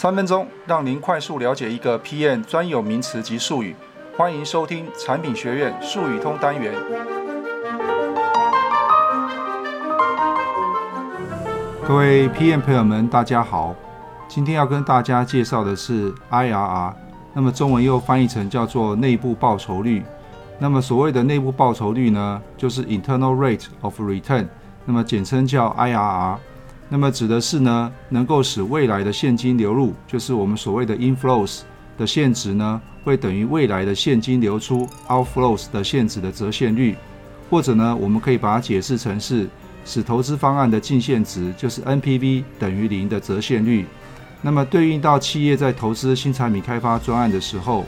三分鐘讓您快速了解一個 PM 專有名詞及術語，歡迎收聽產品學院術語通單元。各位 PM 朋友們，大家好，今天要跟大家介紹的是 IRR，那麼中文又翻譯成叫做內部報酬率。那麼所謂的內部報酬率呢，就是 Internal Rate of Return，那麼簡稱叫 IRR。那麼指的是呢，能夠使未來的現金流入，就是我們所謂的 inflows 的現值呢，會等於未來的現金流出 outflows 的現值的折現率，或者呢，我們可以把它解釋成是使投資方案的淨現值，就是 NPV 等於零的折現率。那麼對應到企業在投資新產品開發專案的時候，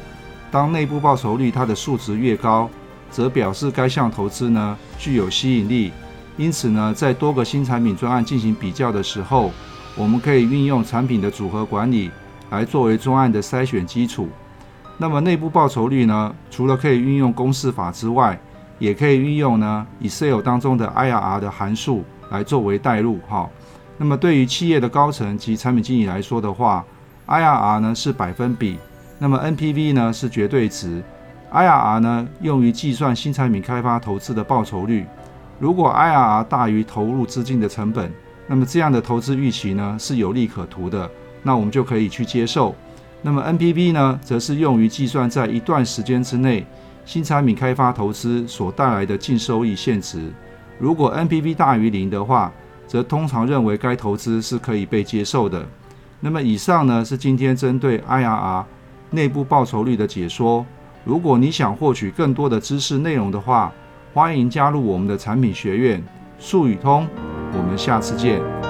當內部報酬率它的數值越高，則表示該項投資呢具有吸引力。因此呢，在多個新產品專案進行比較的時候，我們可以運用產品的組合管理來作為專案的篩選基礎。那麼內部報酬率呢，除了可以運用公式法之外，也可以運用呢 Excel 當中的 IRR 的函數來作為代入哈、哦。那麼對於企業的高層及產品經理來說的話，IRR 呢是百分比，那麼 NPV 呢是絕對值。IRR 呢用於計算新產品開發投資的報酬率。如果 IRR 大於投入資金的成本，那麼這樣的投資預期呢是有利可圖的，那我們就可以去接受。那麼 NPV 呢，則是用於計算在一段時間之內新產品開發投資所帶來的淨收益現值。如果 NPV 大於零的話，則通常認為該投資是可以被接受的。那麼以上呢是今天針對 IRR 內部報酬率的解說。如果你想獲取更多的知識內容的話，歡迎加入我們的產品學院術語通，我們下次見。